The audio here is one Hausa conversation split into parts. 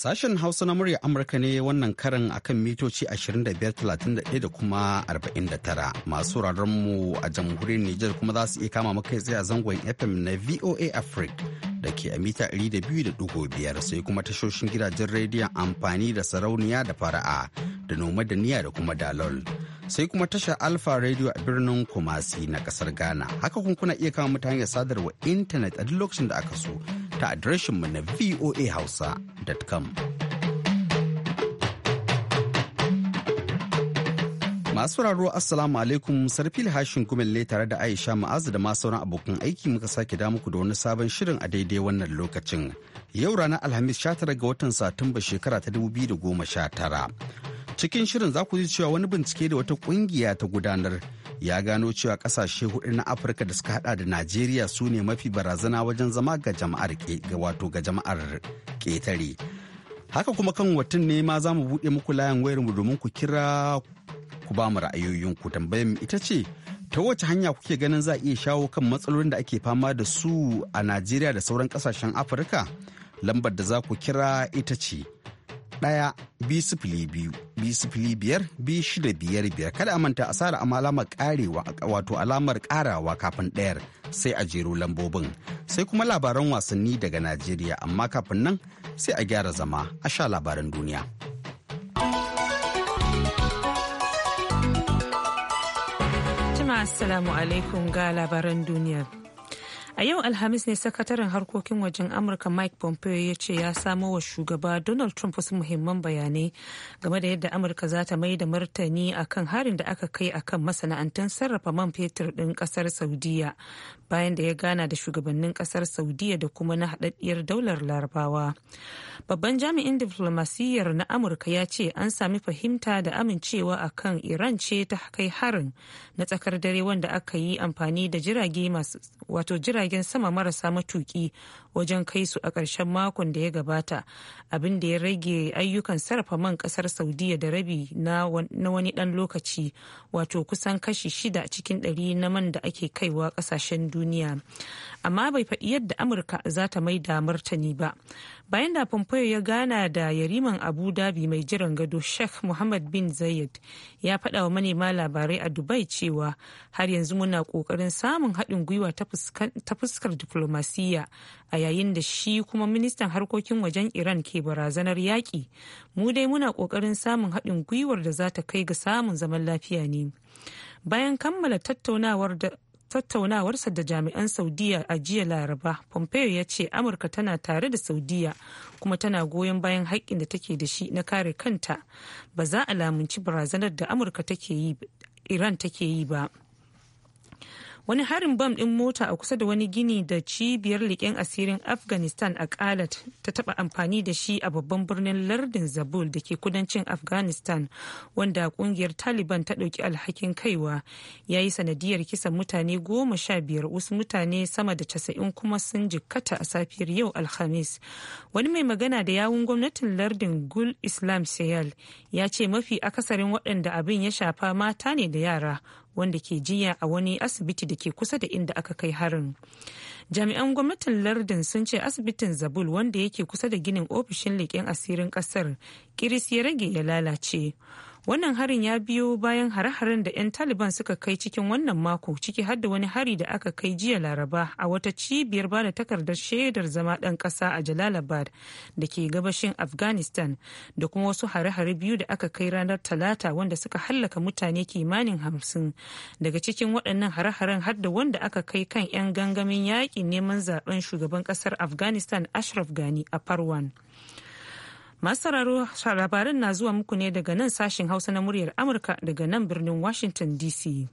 Sashen Hausa na murya Amurka ne wannan karin akan mitoci 2531 da kuma 49 masu mu a jamhuriyar Nijar kuma za su iya kama maka tsaye a zangon FM na VOA Africa da ke a mita 200.5 sai kuma tashoshin gidajen rediyon amfani da sarauniya da fara'a da noma da niya da kuma dalol. sai kuma tashar alfa Radio a birnin Kumasi na kasar Ghana. Haka kun kuna iya kama mutane sadarwa intanet a duk lokacin da aka so ta mu na voahausa.com. Masu raro Assalamu alaikum sarfil hashin le tare da Aisha Ma'azu da ma sauran abokan aiki muka sake da muku da wani sabon shirin a daidai wannan lokacin. Yau ranar Alhamis 19 ga watan Satumba shekara ta 2019. cikin shirin za ku ji cewa wani bincike da wata kungiya ta gudanar ya gano cewa kasashe hudu na afirka da suka hada da najeriya su ne mafi barazana wajen zama ga jama'ar wato ga jama'ar ketare haka kuma kan watan ne ma za mu buɗe muku layan wayar mu domin ku kira ku ba mu ra'ayoyinku tambayar ita ce ta wace hanya kuke ganin za a iya shawo kan matsalolin da ake fama da su a najeriya da sauran kasashen afirka lambar da za ku kira ita ce ɗaya bi sifili biyu bi sifili biyar bi shida biyar biyar kada a manta a sa amma alamar karewa wato alamar karawa kafin ɗayar sai a jero lambobin sai kuma labaran wasanni daga najeriya amma kafin nan sai a gyara zama a sha labaran duniya. Assalamu alaikum ga labaran duniya a yau alhamis ne sakataren harkokin wajen amurka mike pompeo ya ce ya samo wa shugaba donald trump wasu muhimman bayanai game da yadda amurka za ta mai da martani akan harin da aka kai a kan masana'antar sarrafa man fetur din kasar saudiya bayan da ya gana da shugabannin kasar saudiya da kuma na haɗaɗɗiyar daular larabawa babban jami'in diflomasiyyar na amurka ya ce an sami fahimta da amincewa akan iran ce ta kai harin na tsakar dare wanda aka yi amfani da jirage masu wato jirage jiragen sama marasa matuki wajen kai su a ƙarshen makon da ya gabata abin da ya rage ayyukan sarrafa man ƙasar saudiya da rabi na wani ɗan lokaci wato kusan kashi shida cikin ɗari na man da ake kaiwa ƙasashen duniya amma bai faɗi yadda amurka za ta mai da martani ba bayan da pompeo ya gana da yariman abu dhabi mai jiran gado sheikh muhammad bin zayed ya faɗa wa manema labarai a dubai cewa har yanzu muna ƙoƙarin samun haɗin gwiwa ta fuskar diflomasiyya a yayin da shi kuma ministan harkokin wajen iran ke barazanar yaƙi mu dai muna ƙoƙarin samun haɗin gwiwar da za ta kai ga samun zaman lafiya ne bayan kammala tattaunawar da tattaunawarsa da jami'an saudiya a jiya laraba pompeo ya ce amurka tana tare da saudiya kuma tana goyon bayan haƙƙin da take da shi na kare kanta ba za a lamunci barazanar da amurka take yi iran take yi ba wani harin bam ɗin mota a kusa da wani gini da cibiyar liƙen asirin afghanistan a kalat ta taba amfani da shi a babban birnin lardin zabul da ke kudancin afghanistan wanda ƙungiyar taliban ta ɗauki alhakin kaiwa ya yi sanadiyar kisan mutane goma sha biyar wasu mutane sama da casa'in kuma sun jikkata a safiyar yau alhamis wani mai magana da yawun gwamnatin lardin gul islam sayal ya ce mafi akasarin waɗanda abin ya shafa mata ne da yara wanda ke jiya a wani asibiti da ke kusa da inda aka kai harin jami'an gwamnatin lardin sun ce asibitin zabul wanda yake kusa da ginin ofishin leƙen asirin ƙasar kiris ya rage ya lalace wannan harin ya biyo bayan hare-haren da 'yan taliban suka kai cikin wannan mako ciki har da wani hari da aka kai jiya laraba a wata cibiyar ba da takardar shaidar zama ɗan ƙasa a jalalabad da ke gabashin afghanistan da kuma wasu hare-hare biyu da aka kai ranar talata wanda suka hallaka mutane kimanin hamsin daga cikin waɗannan hare-haren har da wanda aka kai kan 'yan gangamin yaƙi neman zaben shugaban ƙasar afghanistan ashraf gani a parwan Masu sauraro labaran na zuwa muku ne daga nan sashen Hausa na muryar Amurka daga nan birnin Washington DC.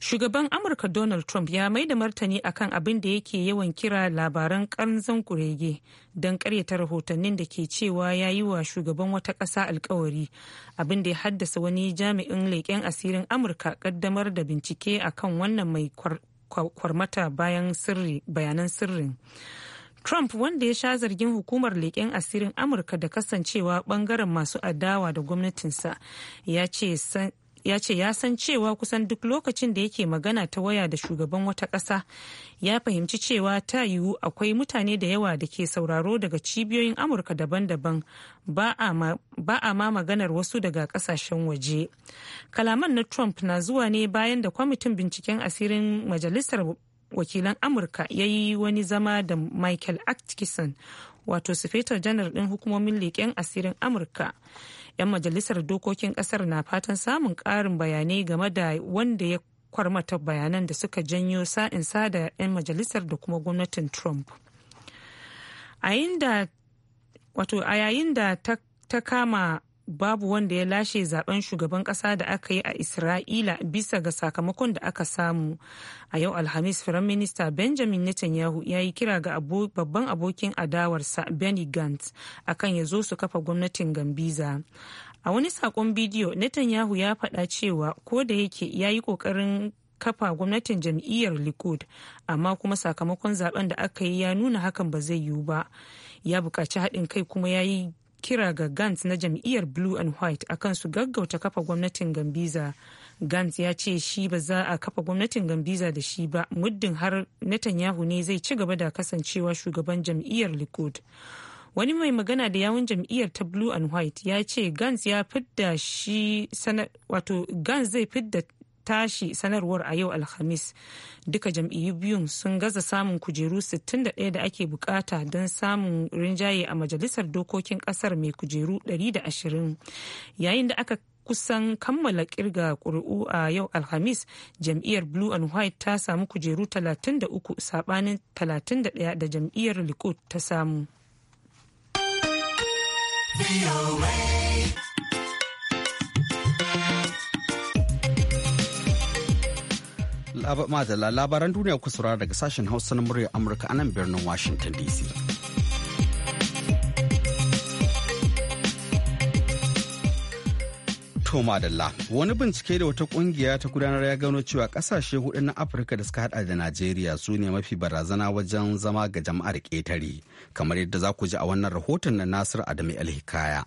Shugaban Amurka Donald Trump ya mai da martani akan abin da yake yawan kira labaran kanzan kurege don karyata rahotannin da ke cewa ya yi wa shugaban wata ƙasa alkawari abin da ya haddasa wani jami'in leƙen asirin Amurka ƙaddamar da bincike akan wannan mai kwarmata bayan sirri bayanan sirrin. Trump wanda ya sha zargin hukumar leƙen asirin Amurka da kasancewa ɓangaren masu adawa da gwamnatinsa ya ce ya san cewa kusan duk lokacin da yake magana ta waya da shugaban wata ƙasa ya fahimci cewa ta yiwu akwai mutane da yawa da ke sauraro daga cibiyoyin amurka daban-daban ba a ma maganar wasu daga ƙasashen waje kalaman na trump na zuwa ne bayan da kwamitin binciken asirin majalisar wakilan amurka ya yi wani zama da michael atkinson wato sufetar janar din hukumomin leƙen asirin amurka 'yan majalisar dokokin kasar na fatan samun ƙarin bayanai game da wanda ya kwarmata bayanan da suka janyo sa'in da 'yan majalisar da kuma gwamnatin trump a yayin da ta kama babu wanda ya lashe zaben shugaban kasa da aka yi a isra'ila bisa ga sakamakon da aka samu a yau alhamis firaminista benjamin netanyahu ya yi kira ga babban abokin adawarsa benny gantz akan ya zo su kafa gwamnatin gambiza a wani sakon bidiyo netanyahu ya faɗa cewa ko da yake ya yi ƙoƙarin kafa gwamnatin jam'iyyar likud amma kuma sakamakon zaben da aka yi ya nuna hakan ba zai yiwu ba ya buƙaci haɗin kai kuma ya yi kira ga Gantz na jam'iyyar Blue and White akan su gaggauta kafa gwamnatin Gambiza. Gantz ya ce shi ba za a kafa gwamnatin Gambiza da shi ba muddin har Netanyahu ne zai ci gaba da kasancewa shugaban jam'iyyar Likud. Wani mai magana da yawun jam'iyyar ta Blue and White ya ce Gantz ya fidda shi wato Gantz zai fidda tashi sanarwar a yau alhamis duka jam'iyyu biyun sun gaza samun kujeru 61 da ake bukata don samun rinjaye a majalisar dokokin kasar mai kujeru 120 yayin da aka kusan kammala kirga ƙuri'u a yau alhamis jam'iyyar blue and white ta samu kujeru 33 sabanin 31 da jam'iyyar likud ta samu. madalla labaran duniya ku saurara daga sashen hausa na muryar amurka a nan birnin washington dc to madalla wani bincike da wata kungiya ta gudanar ya gano cewa kasashe hudu na afirka da suka hada da najeriya su ne mafi barazana wajen zama ga jama'ar ketare kamar yadda za ku ji a wannan rahoton na nasir adamu alhikaya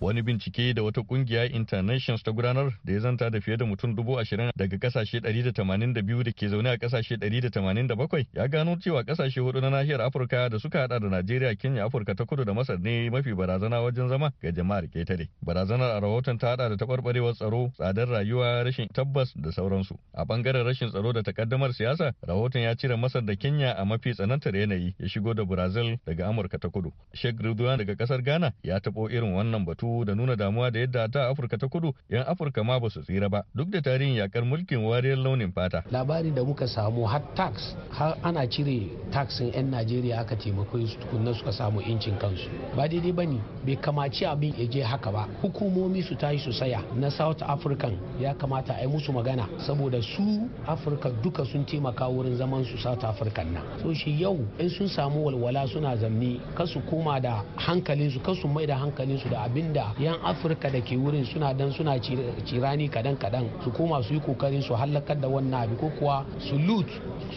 Wani bincike da wata kungiya International ta gudanar da ya zanta da fiye da mutum dubu ashirin daga kasashe 182 da ke zaune a kasashe 187 ya gano cewa kasashe hudu na nahiyar Afirka da suka hada da Najeriya, Kenya, Afirka ta kudu da Masar ne mafi barazana wajen zama ga jama'ar ketare. Barazanar a rahoton ta hada da taɓarɓarewar tsaro, tsadar rayuwa, rashin tabbas da sauransu. A bangaren rashin tsaro da takaddamar siyasa, rahoton ya cire Masar da Kenya a mafi tsanantar yanayi ya shigo da Brazil daga Amurka ta kudu. Sheikh Ridwan daga kasar Ghana ya taɓo irin wannan batu rubutu da nuna damuwa da yadda ta Afirka ta kudu 'yan Afirka ma ba su tsira ba duk da tarihin yakar mulkin wariyar launin fata. labarin da muka samu har tax har ana cire taxin 'yan Najeriya aka taimako su tukunna suka samu incin kansu. Ba daidai ba ne bai kamaci abin ya je haka ba. Hukumomi su tashi su saya na South African ya kamata a yi musu magana saboda su Afirka duka sun taimaka wurin zaman su South African nan. So shi yau in sun samu walwala suna zanni kasu koma da hankalinsu kasu mai da hankalinsu da abin yadda yan afirka da ke wurin suna dan suna cirani kadan kadan su koma su yi kokarin su hallakar da wannan abu ko kuwa su loot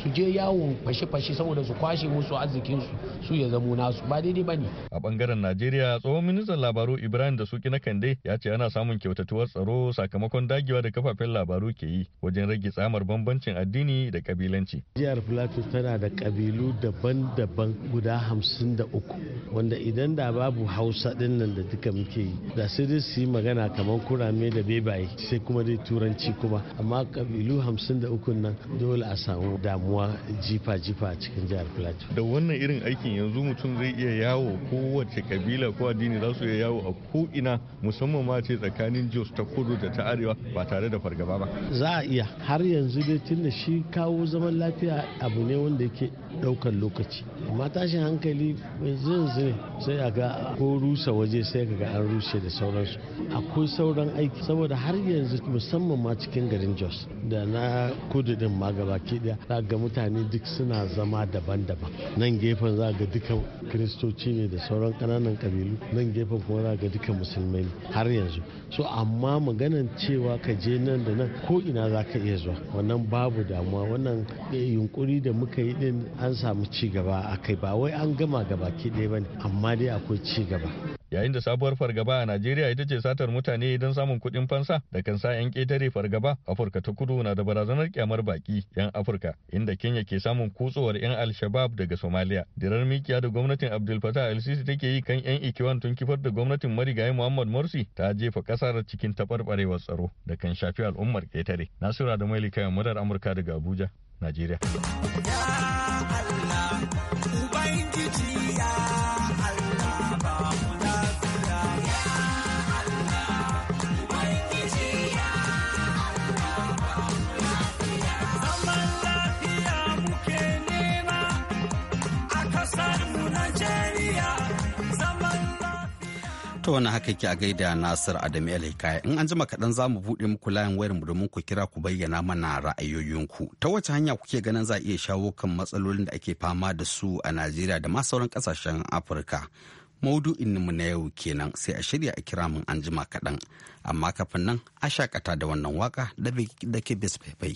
su je yawon fashe-fashe saboda su kwashe musu arzikin su su ya zamo nasu ba daidai ba ne. a bangaren najeriya tsohon ministan labaru ibrahim da suki na kande ya ce ana samun kyautatuwar tsaro sakamakon dagewa da kafafen labaru ke yi wajen rage tsamar bambancin addini da kabilanci. jihar plateau tana da kabilu daban-daban guda hamsin da uku wanda idan da babu hausa dinnan da duka muke yi da sai dai su yi magana kamar kurame da bebaye sai kuma dai turanci kuma amma kabilu hamsin da uku nan dole a samu damuwa jifa-jifa cikin jihar plateau da wannan irin aikin yanzu mutum zai iya yawo ko wace kabila ko addini za su iya yawo a ina musamman ma ce tsakanin jos ta kudu da ta arewa ba tare da fargaba ba za a iya har yanzu dai tun da shi kawo zaman lafiya abu ne wanda yake daukar lokaci amma tashin hankali yanzu yanzu sai a ga ko rusa waje sai ka ga an dutse da sauransu akwai sauran aiki saboda har yanzu musamman ma cikin garin jos da na kudu din ma gabaki daya za ga mutane duk suna zama daban-daban nan gefen za ga duka kiristoci ne da sauran kananan kabilu nan gefen kuma za ga duka musulmai ne har yanzu so amma maganan cewa ka je nan da nan ko ina za ka iya zuwa wannan babu damuwa wannan eh, yunkuri da muka yi din an samu ci gaba a kai ba wai an gama gabaki daya ba ne amma dai akwai ci gaba yayin da sabuwar fargaba a Najeriya ita ce satar mutane don samun kuɗin fansa da kan sa 'yan ƙetare fargaba Afirka ta kudu na da barazanar kyamar baki 'yan Afirka inda Kenya ke samun kutsowar 'yan al shabab daga Somalia. Dirar mikiya da gwamnatin Abdul Fattah al-Sisi take yi kan 'yan Ikiwan tun kifar da gwamnatin marigayi Muhammad Morsi ta jefa ƙasar cikin taɓarɓarewar tsaro da kan shafi al'ummar ƙetare. nasiru da Maili kayan murar Amurka daga Abuja, Najeriya. To wani haka ke a gaida Nasir Adam El Hikaya. In an jima kaɗan za mu buɗe muku layin wayarmu domin ku kira ku bayyana mana ra'ayoyinku. Ta wace hanya kuke ganin za a iya shawo kan matsalolin da ake fama da su a Najeriya da ma sauran ƙasashen Afirka. Maudu'in mu na yau kenan sai a shirya a kira mun an jima kaɗan. Amma kafin nan a shakata da wannan waka da ke bisfaifai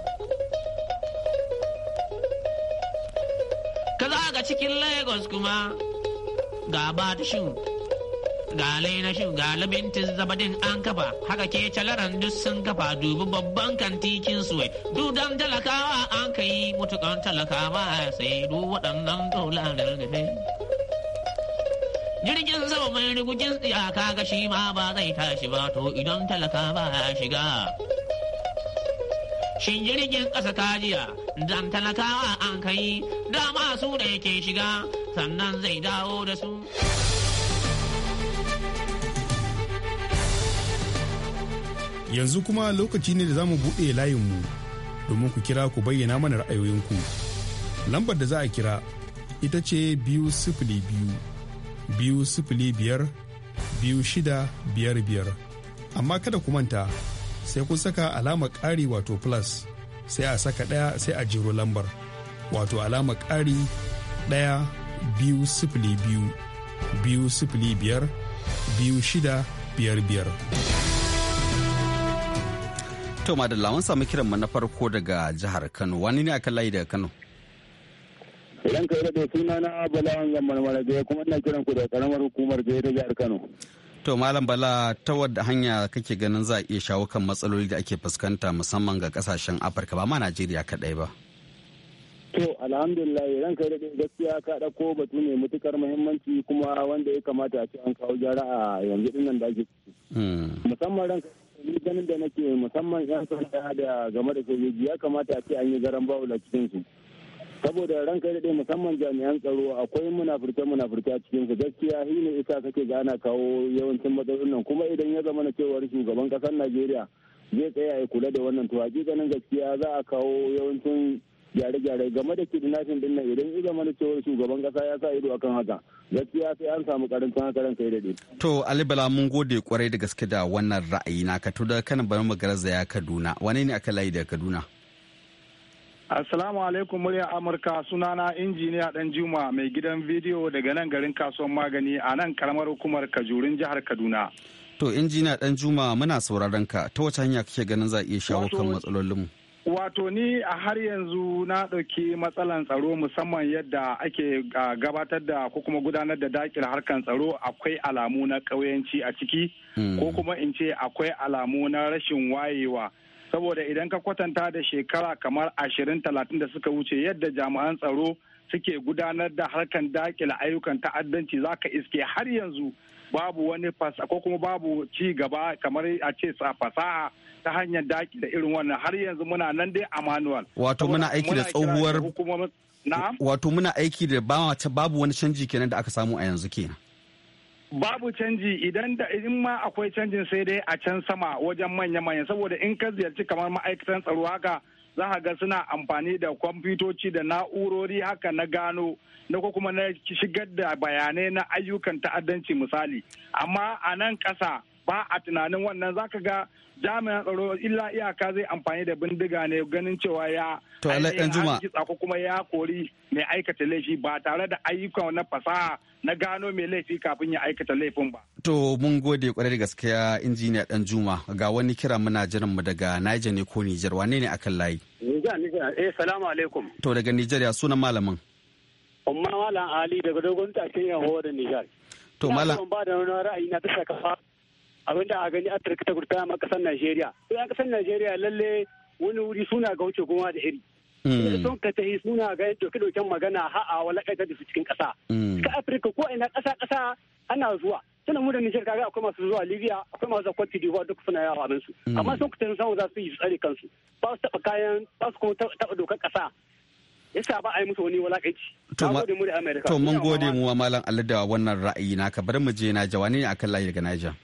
a cikin Lagos kuma ga batishin ga lainashin ga labintin zabadin an kafa haka ke calaran duk sun kafa dubi babban kantikin suwai dan talakawa an kai yi mutukan talakawa sai du waɗannan dolar gargaɗe jirgin sama mai rigugin tsiyaka ga shi ma ba zai tashi ba to idan talakawa ya shiga Shin jirgin ƙasa ta jiya, dan talakawa an kai, dama su da yake shiga, sannan zai dawo da su. Yanzu kuma lokaci ne da za mu buɗe layinmu domin ku kira ku bayyana mana ra'ayoyinku. Lambar da za a kira ita ce biyu sifili biyu, biyu sifili biyar, biyu shida biyar biyar. Amma kada ku manta sai kun saka alama ƙari wato plus sai a saka ɗaya sai a jiro lambar wato alama ƙari ɗaya biyu sifili biyu biyu sifili biyar biyu shida biyar biyar. To madalla mun samu kiran mu na farko daga jihar Kano wani ne akan layi daga Kano? Idan ka yi da suna na Bala Wangan Marmara kuma ina kiran ku da karamar hukumar da jihar Kano. To Malam Bala ta wadda hanya kake ganin za a iya shawo kan matsaloli da ake fuskanta musamman ga kasashen Afirka ba ma Najeriya kaɗai ba. To alhamdulillah ran kai daɗin gaskiya ka ɗauko batu ne mutukar muhimmanci kuma wanda ya kamata a ce an kawo gyara a yanzu ɗin nan da ake hmm. Musamman ran ni ganin da nake musamman 'yan sanda da game da sojoji ya kamata a ce an yi garan bawula cikin su. saboda ranka daɗe musamman jami'an tsaro akwai munafurce munafurce a cikin su gaskiya shi ne isa kake ga ana kawo yawancin matsalolin nan kuma idan ya zama na cewar shugaban kasar najeriya zai tsaya ya kula da wannan to hakikanin gaskiya za a kawo yawancin gyare-gyare game da kidnapping din nan idan ya zama na cewar shugaban kasa ya sa ido akan haka gaskiya sai an samu karancin haka ranka da daɗe. To Ali Bala mun gode kwarai da gaske da wannan ra'ayi na to da kana bari mu garzaya Kaduna wane ne aka layi da Kaduna? asalamu alaikum murya Amurka sunana injiniya dan Juma mai gidan bidiyo daga nan garin kasuwan magani a nan karamar hukumar Kajurin jihar Kaduna. To injiniya dan Juma muna sauraron ka ta wace hanya kake ganin za iya shawo kan matsalolinmu? Wato ni a har yanzu na ɗauki matsalan tsaro musamman yadda ake gabatar da ko kuma gudanar da dakil harkan tsaro akwai alamu na ƙauyanci a ciki hmm. ko kuma in ce akwai alamu na rashin wayewa. saboda idan ka kwatanta da shekara kamar ashirin talatin da suka wuce yadda jami'an tsaro suke gudanar da harkan dakila ayyukan ta'addanci za ka iske har yanzu babu wani ko kuma babu ci gaba kamar a ce fasaha ta hanyar dakila da irin wannan har yanzu muna nan dai a manual wato muna aiki da tsohuwar wato muna aiki da babu wani canji kenan da aka samu a yanzu kenan babu canji idan da in ma akwai canjin sai dai a can sama wajen manya-manya saboda in ka ziyarci kamar ma'aikatan tsaro haka za ka ga suna amfani da kwamfutoci da na'urori haka na gano na ko kuma na shigar da bayanai na ayyukan ta'addanci misali amma a nan ƙasa ba a tunanin wannan zaka ga jami'an tsaro illa iyaka zai amfani da bindiga ne ganin cewa ya ko kuma ya kori mai aikata laifi ba tare da ayyukan na fasaha na gano mai laifi kafin ya aikata laifin ba. To mun gode kwarai da gaskiya injiniya dan juma ga wani kira muna jiran mu daga Niger ne ko Niger wane ne akan layi? Niger Niger eh salamu alaikum. To daga Niger ya sunan malamin. Umma Malam Ali daga dogon takin Yahuwa da Niger. To Malam. Ina ba da wani ra'ayi na bisa kafa abin da a gani afirka ta gurta ma kasar najeriya to yan kasar najeriya lalle wani wuri suna ga wuce goma da iri hmm. sun ka tahi suna ga doke doken magana ha a walakaita da su cikin kasa hmm. ka afirka ko ina kasa kasa ana zuwa suna mu da nijar kaga akwai masu zuwa libya akwai masu zuwa cote d'ivoire duk suna yawa abin su hmm. amma sun kuta sun za su yi tsare kansu ba su taba kayan ba su kuma taba dokar kasa yasa ba a yi musu wani walakanci. To mun gode mu wa Malam Aladawa wannan ra'ayi naka bari mu je na jawani ne akan layi daga Niger.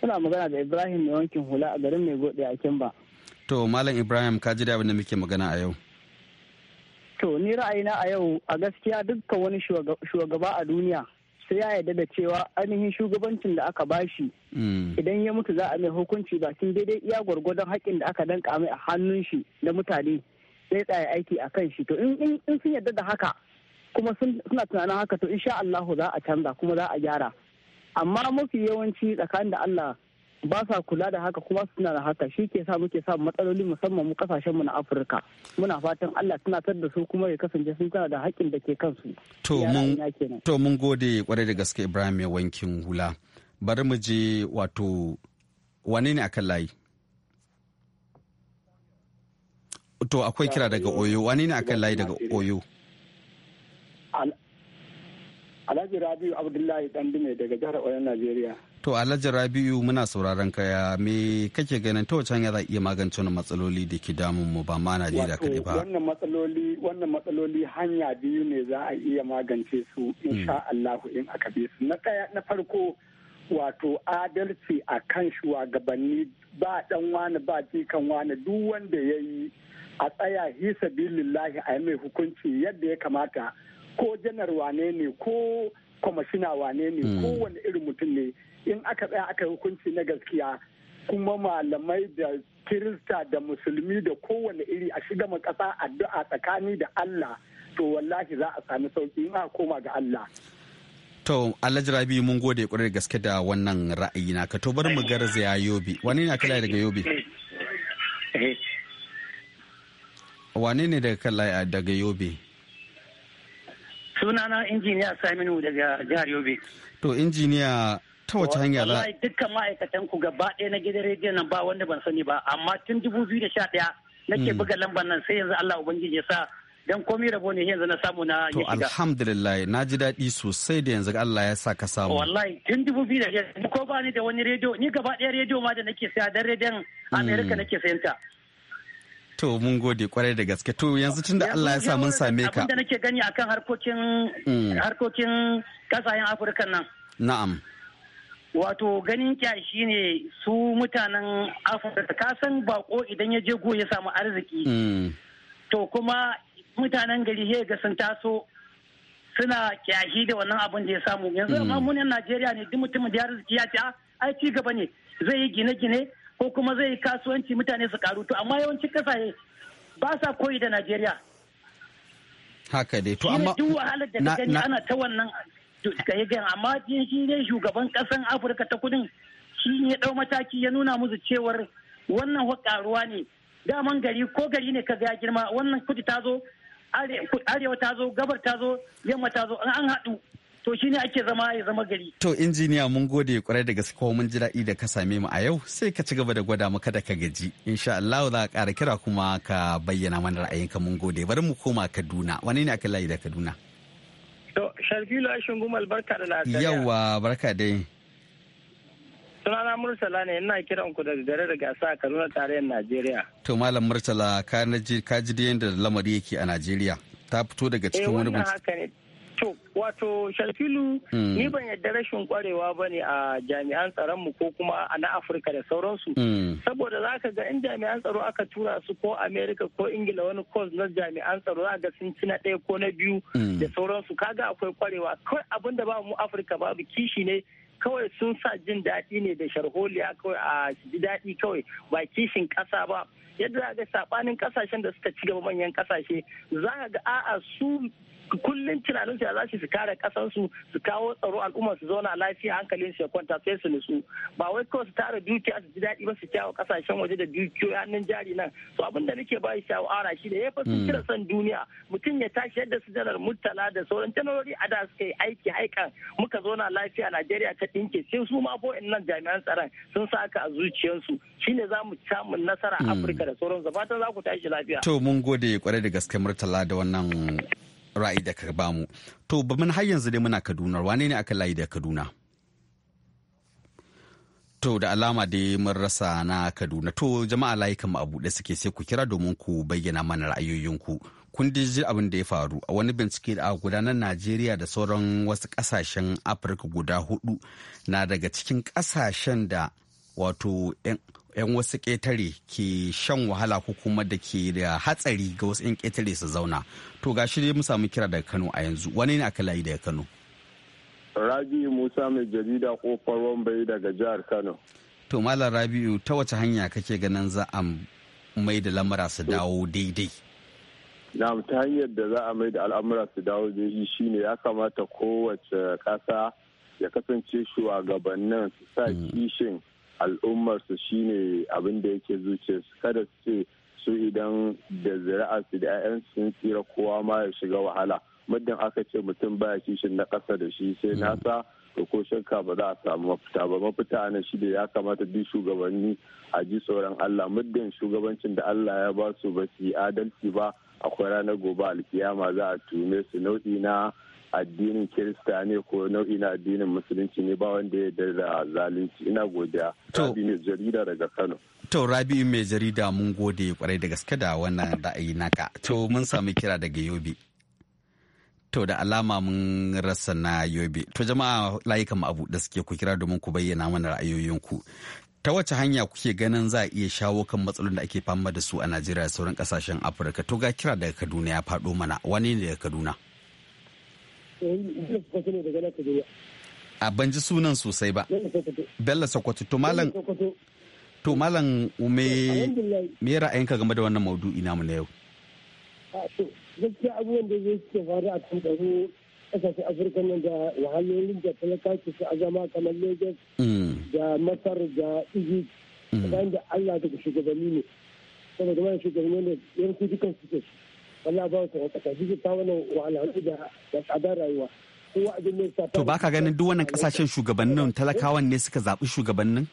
Suna magana da Ibrahim mai wankin hula a garin mai gode a Kimba. To Malam Ibrahim ka ji da muke magana a yau. To ni ra'ayina a yau a gaskiya dukkan wani shugaba a duniya sai ya yarda da cewa ainihin shugabancin da aka bashi mm. idan ya mutu za a mai hukunci ba sun daidai iya gwargwadon haƙƙin da aka danka mai a hannun shi na mutane sai tsaye aiki a kan shi to in sun yarda da haka kuma suna tunanin haka to insha Allahu za a canza kuma za a gyara amma mafi yawanci tsakanin da Allah ba sa kula da haka kuma suna da haka shi ke sa muke samun matsaloli musamman mu kasashen mu na Afirka muna fatan Allah tar da su kuma ya kasance sun tana da haƙƙin da ke kansu to mun to mun gode kwarai da gaske Ibrahim ya wankin hula bari mu je wato wane ne akan layi to akwai kira daga Oyo wane ne akan layi daga Oyo Alhaji Rabiu Abdullahi Dandume daga jihar Oyo Najeriya. To Alhaji Rabiu muna sauraron kaya me kake ganin ta wace ya za iya magance wannan matsaloli da ke damun mu ba ma Najeriya kaɗai ba. Wannan matsaloli wannan matsaloli hanya biyu ne za a iya magance su hmm. insha Allahu in aka bi su. Na ɗaya na farko wato adalci a kan shugabanni ba dan wani ba jikan wani duk wanda yayi a tsaya hisa a yi mai hukunci yadda ya kamata ko janar wane ne ko kwamashina wane ne hmm. wani irin mutum ne in aka tsaya aka hukunci na gaskiya kuma malamai da kirista da musulmi da kowane iri a shiga makasa addu'a tsakani da Allah to wallahi za a sami sauki in aka koma ga Allah To allah jarabi mun gode kwarai da gaske da wannan ra'ayi na ka to bar mu garzaya Yobe wani ne kala daga yobi Wane ne daga kala daga Yobe sunana injiniya saminu daga jihar yobe to injiniya ta wace hanya za a dukkan ma'aikatan ku gaba ɗaya na gidan rediyon nan ba wanda ban sani ba amma tun dubu biyu da sha ɗaya nake hmm. buga lambar nan sai yanzu allah ubangiji ya sa dan komai rabo ne yanzu na samu na yi To alhamdulillah na ji daɗi sosai da yanzu Allah ya sa ka samu. Wallahi tun dubu biyu da ko ba ni da wani rediyo ni gaba ɗaya rediyo ma da nake saya dan rediyon Amerika hmm. nake sayanta To mun gode kwarai da gaske. To yanzu tunda Allah ya sa mun same ka. Abinda nake gani akan harkokin mm. harkokin kasayen Afirka nan. Na'am. Wato ganin kyashi ne su mutanen Afirka ka san bako idan ya je go ya samu arziki. Mm. To kuma mutanen gari he ga sun taso suna kyashi da wannan abin da ya samu. Yanzu mm. amma mun Najeriya ne duk mutumin da ya arziki ya ce ah, ai ci gaba ne zai yi gine-gine ko kuma zai yi kasuwanci mutane su karu to amma yawancin kasaye ba sa koyi da Najeriya. Haka dai to amma duk wahalar da ka ana ta wannan gan amma shi ne shugaban kasan Afirka ta kudin shi ne dau mataki ya nuna musu cewar wannan karuwa ne daman gari ko gari ne ka ga girma wannan kudi ta zo arewa ta zo gabar ta zo yamma ta zo an haɗu to shi ne ake zama ya zama gari to injiniya mun gode kwarai daga gaske kuma mun ji daɗi da ka same mu a yau sai ka ci gaba da gwada maka da ka gaji insha Allah za ka ƙara kira kuma ka bayyana mana ra'ayinka mun gode bari mu koma Kaduna wani ne aka layi da Kaduna to Sharfilu Aishin Gumal barka da lafiya Yawwa barka dai sunana murtala ne ina kiran ku daga dare daga sa kaduna tarayyar najeriya to malam murtala ka ji da yadda lamari yake a najeriya ta fito daga cikin eh, wani bincike To, wato Shalfilu, hmm. ni ban yadda rashin kwarewa ba ne a jami'an tsaronmu ko kuma a na Afirka da sauransu. Hmm. Saboda za ka ga in jami'an tsaro aka tura su ko america ko Ingila wani course na jami'an tsaro za ga sun ci na ɗaya ko na biyu hmm. da sauransu. Kaga akwai kwarewa. Kawai abin da ba mu Afirka babu kishi ne kawai sun sa jin daɗi ne da sharholiya kawai a ji daɗi kawai ba kishin ƙasa ba yadda za ga sabanin kasashen da suka ci gaba manyan kasashe za ka ga a'a su kullum tunanin su za su kare kasan su su kawo tsaro al'umma su zauna lafiya hankalin su ya kwanta sai su nutsu ba wai kawai su tara dukiya su ji daɗi ba su kyawo kasashen waje da dukiyoyi hannun jari nan to abin da nake ba shawara shi da ya eh fa su kira hmm. son duniya mutum ya tashi yadda su janar murtala da sauran janarori a da suka yi aiki haikan muka zauna lafiya Najeriya ta ɗinke sai su ma bo'in nan jami'an tsaron sun saka a zuciyarsu shine za mu samu nasara hmm. Afirka da sauran fatan za ku tashi lafiya. To mun gode kwarai da gaske murtala da wannan ra'ayi da ka bamu to ba mun har yanzu dai muna kaduna wane ne aka layi da kaduna To da alama dai mun rasa na Kaduna. To jama'a layi layukan a buɗe suke sai ku kira domin ku bayyana mana ra'ayoyinku. Kun ji abin da ya faru a wani bincike da aka gudanar Najeriya da sauran wasu kasashen Afirka guda hudu na daga cikin kasashen da wato 'yan 'yan wasu ƙetare ke shan wahala ko kuma da ke da hatsari ga wasu 'yan ƙetare su zauna to ga shi mu samu kira daga kano a yanzu wani ne aka layi daga kano rabi'u musa mai jarida kofar wambai daga jihar kano to malam rabi'u ta wace hanya kake ganin za a mai da lamura su dawo daidai na ta hanyar da za a mai da al'amura su dawo daidai shine ya kamata kowace ƙasa ya kasance shugabannin su sa mm. kishin al'ummarsu shine abin da yake su kada su ce su idan da zira'arsu da 'ya'yan sun tsira kowa ma ya shiga wahala muddin aka ce mutum baya kishin na ƙasa da shi sai mm. nasa to ko shakka ba za a samu mafita ba mafita na shi da ya kamata duk shugabanni a ji tsoron Allah muddin shugabancin da Allah ya ba su ba su yi adalci ba akwai ranar gobe alkiyama za a tume su nau'i na addinin kirista ne ko nau'i na addinin musulunci ne ba wanda ya yarda da zalunci ina godiya rabi mai jarida daga kano to rabi mai jarida mun gode kwarai da gaske da wannan ra'ayi naka to mun sami kira daga yobe to da alama mun rasa na yobe to jama'a layukan mu abu da suke ku kira domin ku bayyana mana ra'ayoyinku ta wace hanya kuke ganin za a iya shawo kan matsalolin da ake fama da su a najeriya sauran kasashen afirka to ga kira daga kaduna ya faɗo mana wani ne daga kaduna a ban ji sunan sosai ba bello sokoto to malam to malam ume me ra'ayinka game da wannan maudu'i namu na yau gaskiya abubuwan da zai ke faru a kan kasashen afirka nan da wahalolin da talaka ke su a zama kamar lagos mm. da masar da egypt mm. bayan da allah daga shugabanni ne saboda wani shugabanni ne yankin dukkan su ke su Allah ba su kasa duk ta wannan wahalhalu da tsadar rayuwa kowa abin ne sa to baka ganin duk wannan kasashen shugabannin talakawan ne suka zaɓi shugabannin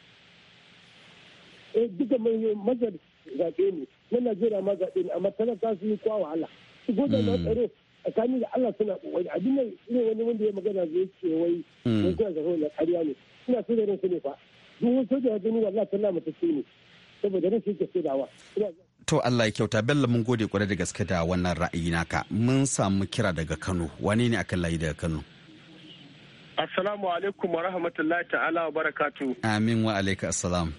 eh duka manyan zaɓe ne na Najeriya ma zaɓe ne amma talaka su yi kwa wahala su goda na hmm. tsaro tsakani da Allah suna ƙoƙari abin nan ne wani wanda ya magana zai ce wai mun hmm. kuna zaɓe na ƙarya ne ina so da ran su ne fa duk wani soja ya gani wallahi lamata su ne saboda rashin kyakkyawa dawa. To Allah ya kyauta Bello mun gode kwarai da gaske da wannan ra'ayi naka. Mun samu kira daga Kano. Wane ne akan layi daga Kano? Assalamu alaikum wa rahmatullahi ta'ala wa barakatu. Amin wa alaika assalam.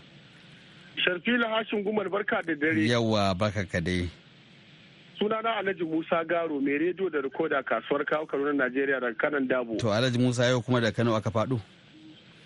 Sharfila Hashin gumar barka da dare. Yawa baka ka dai. sunana Alhaji Musa Garo mai rediyo da rikoda kasuwar kawo na Najeriya daga kanan Dabo. To Alhaji Musa yau kuma da Kano aka faɗo?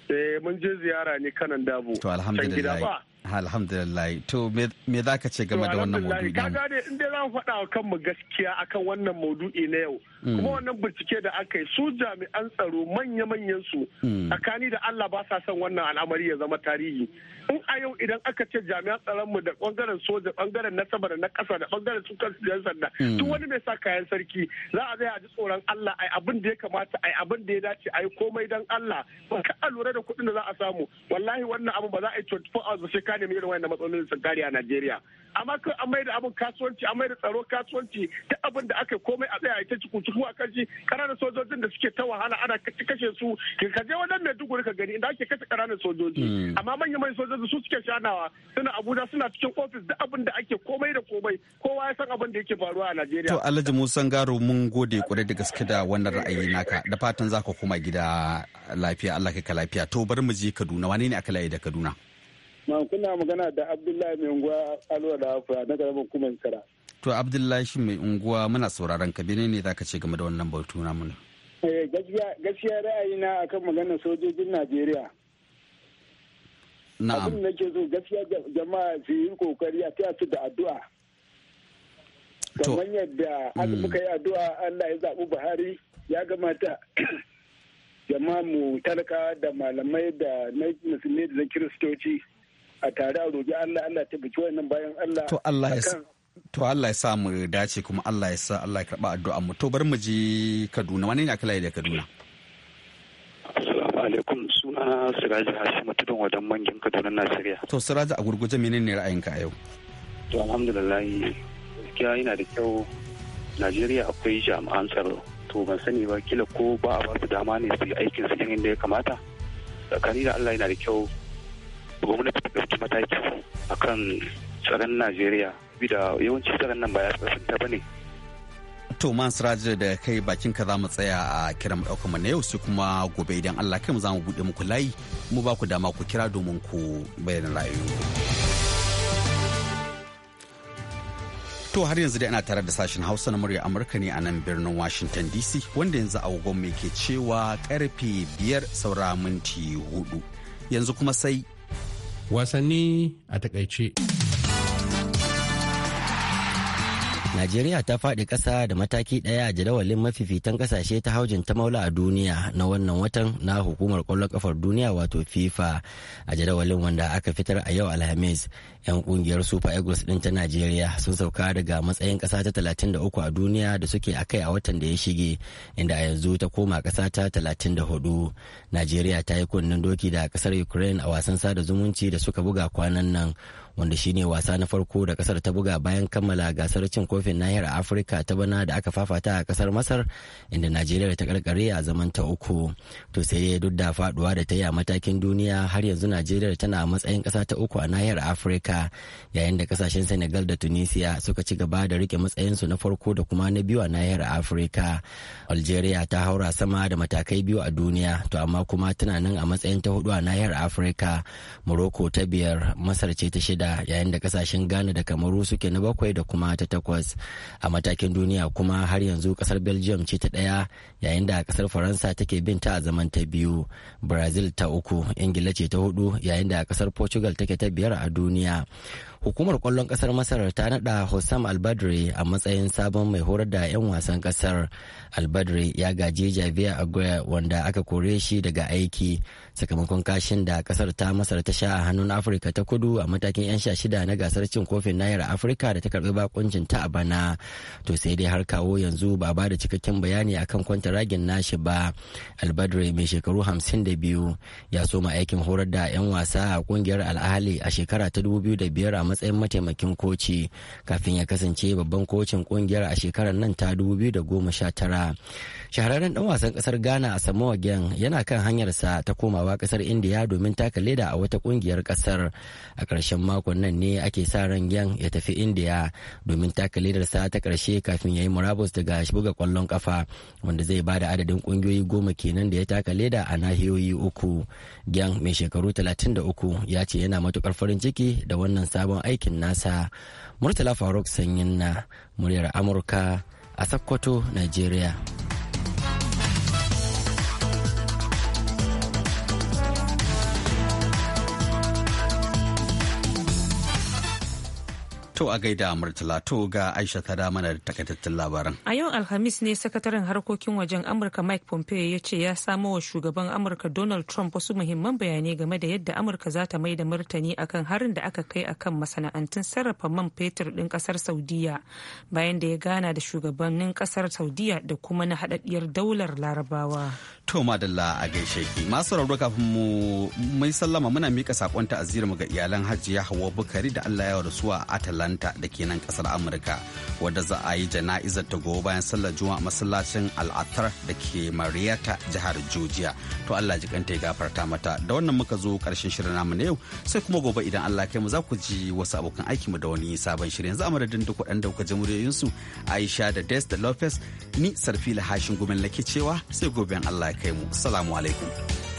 Eh mun je ziyara ne kanan Dabo. To alhamdulillah. alhamdulillah to me za ka ce game da wannan maudu'i ka gane in dai za faɗa wa kanmu gaskiya kan wannan maudu'i na yau hmm. kuma wannan bincike da aka yi su jami'an tsaro manya-manyan su hmm. tsakani da Allah ba sa son wannan al'amari ya zama tarihi in a yau idan aka ce jami'an tsaron mu da bangaren soja bangaren na sama da na kasa da bangaren su kansu yan sanda hmm. duk wani mai sa kayan sarki za a tsaya a ji tsoron Allah ai abin da ya kamata ai abin da ya dace ai komai dan Allah ba ka lura da kuɗin da za a samu wallahi wannan abu ba za a yi 24 hours ba ka nemi irin wannan matsalolin sun kare a Najeriya amma kan an maida abin kasuwanci an maida tsaro kasuwanci ta abin da aka komai a tsaya ita cikin cikin akan shi ƙananan sojojin da suke ta wahala ana kashe su ka je wajen Maiduguri ka gani inda ake kashe ƙananan sojoji hmm. amma manyan manyan sojoji su suke shanawa suna Abuja suna cikin ofis da abin da ake komai da komai kowa ya san abin da yake faruwa a Najeriya to Alhaji Musa Garo mun gode kwarai da gaske da wannan ra'ayi naka da fatan za ka koma gida lafiya Allah ka lafiya to bari mu je Kaduna wane ne aka layi da Kaduna ma kuna magana da abdullahi mai unguwa alwa da afuwa na karamin kuma kara to abdullahi mai unguwa muna sauraron ka bene ne zaka ce game da wannan bautu na mun eh, gaskiya na akan maganar sojojin najeriya na'am abin da ke so gaskiya jama'a su yi kokari a ta su da addu'a kamar yadda an mm. muka yi addu'a Allah ya zaɓi Buhari ya gamata jama'a mu talaka da malamai da na musulmi da na kiristoci a tare a roƙi Allah Allah ta biki wannan bayan Allah to Allah ya to Allah ya sa mu dace kuma Allah ya sa Allah ya karba addu'an mu to bar mu je Kaduna wani ne aka laye da Kaduna Assalamu alaikum suna Siraji Hashim tudun wadan mangin Kaduna Najeriya to Siraji a gurguje menene ra'ayinka a yau to alhamdulillah gaskiya yana da kyau Najeriya akwai jami'an tsaro to ban sani ba kila ko ba a ba su dama ne su yi aikin su yin da ya kamata tsakani da Allah yana da kyau gwamnati ta ɗauki mataki akan tsaron najeriya da yawanci tsaron nan ba ya tsarfinta ba ne to Mansur da kai bakin ka za mu tsaya a kiran ɗaukar mu na yau sai kuma gobe idan Allah kai mu za mu buɗe muku layi mu ba ku dama ku kira domin ku bayyana ra'ayoyinku. To har yanzu dai ana tare da sashen Hausa na murya Amurka ne a nan birnin Washington DC wanda yanzu agogon mai ke cewa karfe biyar saura minti hudu yanzu kuma sai wasanni a takaice. Najeriya ta faɗi kasa da mataki ɗaya a jadawalin mafifitan ƙasashe ta haujin ta maula a duniya na wannan watan na hukumar kwallon ƙafar duniya wato FIFA a jadawalin wanda aka fitar a yau Alhamis. 'Yan ƙungiyar Super Eagles ɗin ta Najeriya sun sauka daga matsayin ƙasa ta 33 a duniya da suke a kai a watan da ya shige inda a yanzu ta koma ƙasa ta 34. Najeriya ta yi kunnen doki da ƙasar Ukraine a wasan sada zumunci da suka buga kwanan nan wanda shine wasa na farko da kasar ta buga bayan kammala gasar cin kofin nahiyar afirka ta bana da aka fafata a kasar masar inda najeriya ta karkare a zaman ta uku to sai dai duk da faduwa da ta yi a matakin duniya har yanzu najeriya tana a matsayin kasa ta uku a nahiyar afirka yayin da kasashen senegal da tunisia suka ci gaba da rike matsayinsu na farko da kuma na biyu a nahiyar afirka algeria ta haura sama da matakai biyu a duniya to amma kuma tana nan a matsayin ta hudu a nahiyar afirka morocco ta biyar masar ce ta shida da yayin da kasashen ghana da kamaru suke na bakwai da kuma ta takwas a matakin duniya kuma har yanzu kasar belgium ce ta ɗaya yayin da kasar faransa take bin ta a zaman ta biyu brazil ta uku ingila ce ta hudu yayin da kasar portugal take ta biyar a duniya hukumar kwallon kasar masar ta nada hossam albadri a matsayin sabon mai horar da 'yan wasan kasar albadri ya gaji javier aguirre wanda aka kore shi daga aiki sakamakon kashin da kasar ta masar ta sha a hannun afirka ta kudu a matakin 'yan sha shida na gasar cin kofin nayar afirka da ta karbi bakuncin ta a bana to sai dai har kawo yanzu ba ba da cikakken bayani akan kwanta ragin nashi ba albadri mai shekaru hamsin da biyu ya soma aikin horar da 'yan wasa a kungiyar al'ahali a shekara ta 2005 a matsayin mataimakin koci kafin ya kasance babban kocin kungiyar a shekarar nan ta 2019 shahararren dan wasan kasar ghana a samoa gang yana kan hanyarsa ta komawa kasar indiya domin taka leda a wata kungiyar kasar a karshen makon nan ne ake sa ran gang ya tafi indiya domin taka ledarsa ta karshe kafin ya yi murabus daga buga kwallon kafa wanda zai bada adadin kungiyoyi goma kenan da ya taka leda a nahiyoyi uku gang mai shekaru 33 ya ce yana matukar farin ciki da wannan sabon aikin nasa murtala faruk sanyin na muryar amurka a sakkwato nigeria To a gaida Murtala to ga Aisha ta da mana takaitattun labaran. A yau Alhamis ne sakataren harkokin wajen Amurka Mike Pompeo ya ce ya samo wa shugaban Amurka Donald Trump wasu muhimman bayanai game da yadda Amurka za ta mai da martani akan harin da aka kai akan masana'antun sarrafa man fetur din kasar Saudiya bayan da ya gana da shugabannin kasar Saudiya da kuma na haɗaɗɗiyar daular Larabawa. To madalla a gaishe ki. Masu rauro kafin mu mai sallama muna mika saƙon ta'aziyar mu ga iyalan Hajiya Hawwa Bukari da Allah ya suwa a atlanta da ke nan kasar amurka wadda za a yi jana'izar ta gobe bayan sallar juma'a masallacin al'atar da ke marietta jihar georgia to allah ji kanta ya gafarta mata da wannan muka zo karshen shirin namu na yau sai kuma gobe idan allah kai mu za ku ji wasu abokan aiki mu da wani sabon shirin yanzu a madadin duk waɗanda kuka ji su aisha da des da lopez ni sarfila hashin gumin lake cewa sai gobe allah kai mu salamu alaikum